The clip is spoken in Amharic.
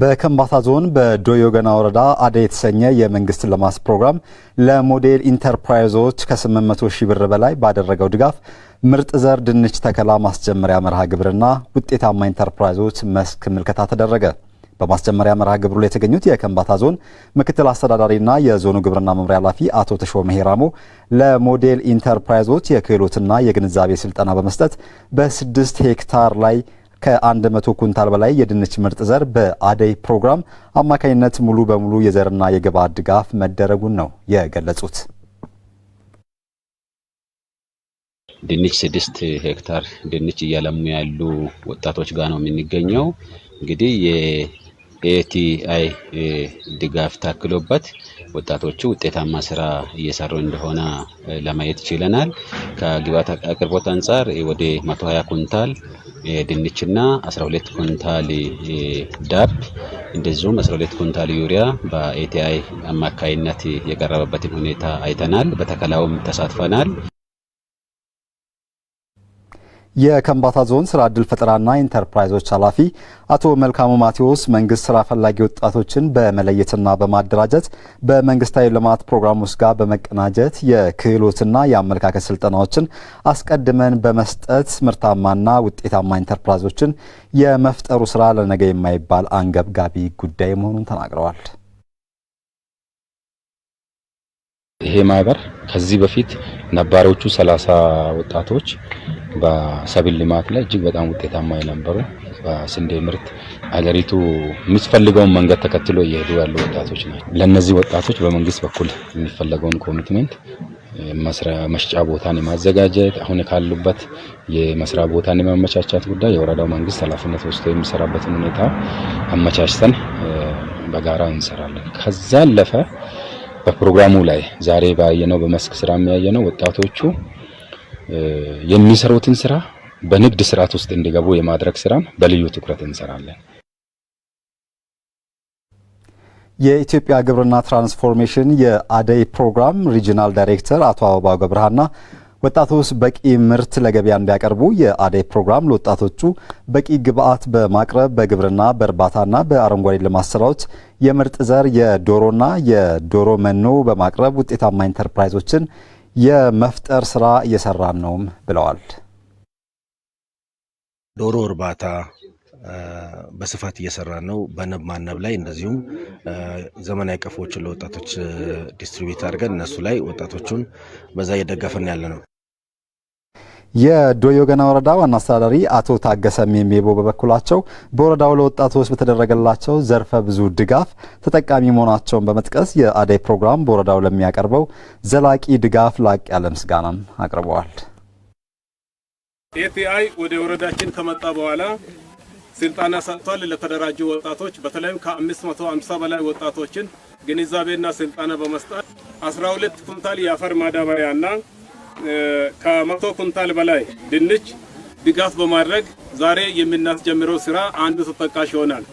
በከምባታ ዞን በዶዮ ገና ወረዳ አደ የተሰኘ የመንግስት ልማት ፕሮግራም ለሞዴል ኢንተርፕራይዞች ከ800 ሺህ ብር በላይ ባደረገው ድጋፍ ምርጥ ዘር ድንች ተከላ ማስጀመሪያ መርሃ ግብርና ውጤታማ ኢንተርፕራይዞች መስክ ምልከታ ተደረገ። በማስጀመሪያ መርሃ ግብሩ ላይ የተገኙት የከምባታ ዞን ምክትል አስተዳዳሪና የዞኑ ግብርና መምሪያ ኃላፊ አቶ ተሾመ ሄራሞ ለሞዴል ኢንተርፕራይዞች የክህሎትና የግንዛቤ ስልጠና በመስጠት በስድስት ሄክታር ላይ ከ100 ኩንታል በላይ የድንች ምርጥ ዘር በአደይ ፕሮግራም አማካኝነት ሙሉ በሙሉ የዘርና የግብዓት ድጋፍ መደረጉን ነው የገለጹት። ድንች ስድስት ሄክታር ድንች እያለሙ ያሉ ወጣቶች ጋር ነው የምንገኘው። እንግዲህ የኤቲአይ ድጋፍ ታክሎበት ወጣቶቹ ውጤታማ ስራ እየሰሩ እንደሆነ ለማየት ችለናል። ከግብዓት አቅርቦት አንጻር ወደ 120 ኩንታል ድንችና 12 ኩንታል ዳፕ እንደዚሁም 12 ኩንታል ዩሪያ በኤቲአይ አማካይነት የቀረበበትን ሁኔታ አይተናል። በተከላውም ተሳትፈናል። የከምባታ ዞን ስራ እድል ፈጠራና ኢንተርፕራይዞች ኃላፊ አቶ መልካሙ ማቴዎስ መንግስት ስራ ፈላጊ ወጣቶችን በመለየትና በማደራጀት በመንግስታዊ ልማት ፕሮግራሞች ጋር በመቀናጀት የክህሎትና የአመለካከት ስልጠናዎችን አስቀድመን በመስጠት ምርታማና ውጤታማ ኢንተርፕራይዞችን የመፍጠሩ ስራ ለነገ የማይባል አንገብጋቢ ጉዳይ መሆኑን ተናግረዋል። ይሄ ማህበር ከዚህ በፊት ነባሪዎቹ ሰላሳ ወጣቶች በሰብል ልማት ላይ እጅግ በጣም ውጤታማ የነበሩ በስንዴ ምርት ሀገሪቱ የምትፈልገውን መንገድ ተከትሎ እየሄዱ ያሉ ወጣቶች ናቸው። ለእነዚህ ወጣቶች በመንግስት በኩል የሚፈለገውን ኮሚትመንት መስጫ ቦታን የማዘጋጀት አሁን ካሉበት የመስሪያ ቦታን የማመቻቻት ጉዳይ የወረዳው መንግስት ኃላፊነት ወስዶ የሚሰራበትን ሁኔታ አመቻችተን በጋራ እንሰራለን። ከዛ አለፈ በፕሮግራሙ ላይ ዛሬ ባየነው በመስክ ስራ የሚያየነው ወጣቶቹ የሚሰሩትን ስራ በንግድ ስርዓት ውስጥ እንዲገቡ የማድረግ ስራን በልዩ ትኩረት እንሰራለን። የኢትዮጵያ ግብርና ትራንስፎርሜሽን የአደይ ፕሮግራም ሪጂናል ዳይሬክተር አቶ አበባው ገብረሃና ወጣቶች በቂ ምርት ለገበያ እንዲያቀርቡ የአደይ ፕሮግራም ለወጣቶቹ በቂ ግብዓት በማቅረብ በግብርና በእርባታና በአረንጓዴ ልማት ስራዎች የምርጥ ዘር የዶሮና የዶሮ መኖ በማቅረብ ውጤታማ ኢንተርፕራይዞችን የመፍጠር ስራ እየሰራን ነውም ብለዋል። ዶሮ እርባታ በስፋት እየሰራን ነው። በንብ ማነብ ላይ እንደዚሁም ዘመናዊ ቀፎዎችን ለወጣቶች ዲስትሪቢዩት አድርገን እነሱ ላይ ወጣቶቹን በዛ እየደገፍን ያለ ነው። የዶዮገና ወረዳ ዋና አስተዳዳሪ አቶ ታገሰ ሜሜቦ በበኩላቸው በወረዳው ለወጣቶች በተደረገላቸው ዘርፈ ብዙ ድጋፍ ተጠቃሚ መሆናቸውን በመጥቀስ የአደይ ፕሮግራም በወረዳው ለሚያቀርበው ዘላቂ ድጋፍ ላቅ ያለ ምስጋናም አቅርበዋል። ኤቲአይ ወደ ወረዳችን ከመጣ በኋላ ስልጠና ሰጥቷል። ለተደራጁ ወጣቶች በተለይም ከ550 በላይ ወጣቶችን ግንዛቤና ስልጠና በመስጠት 12 ኩንታል የአፈር ማዳበሪያና ከመቶ ኩንታል በላይ ድንች ድጋፍ በማድረግ ዛሬ የምናስጀምረው ስራ አንዱ ተጠቃሽ ይሆናል።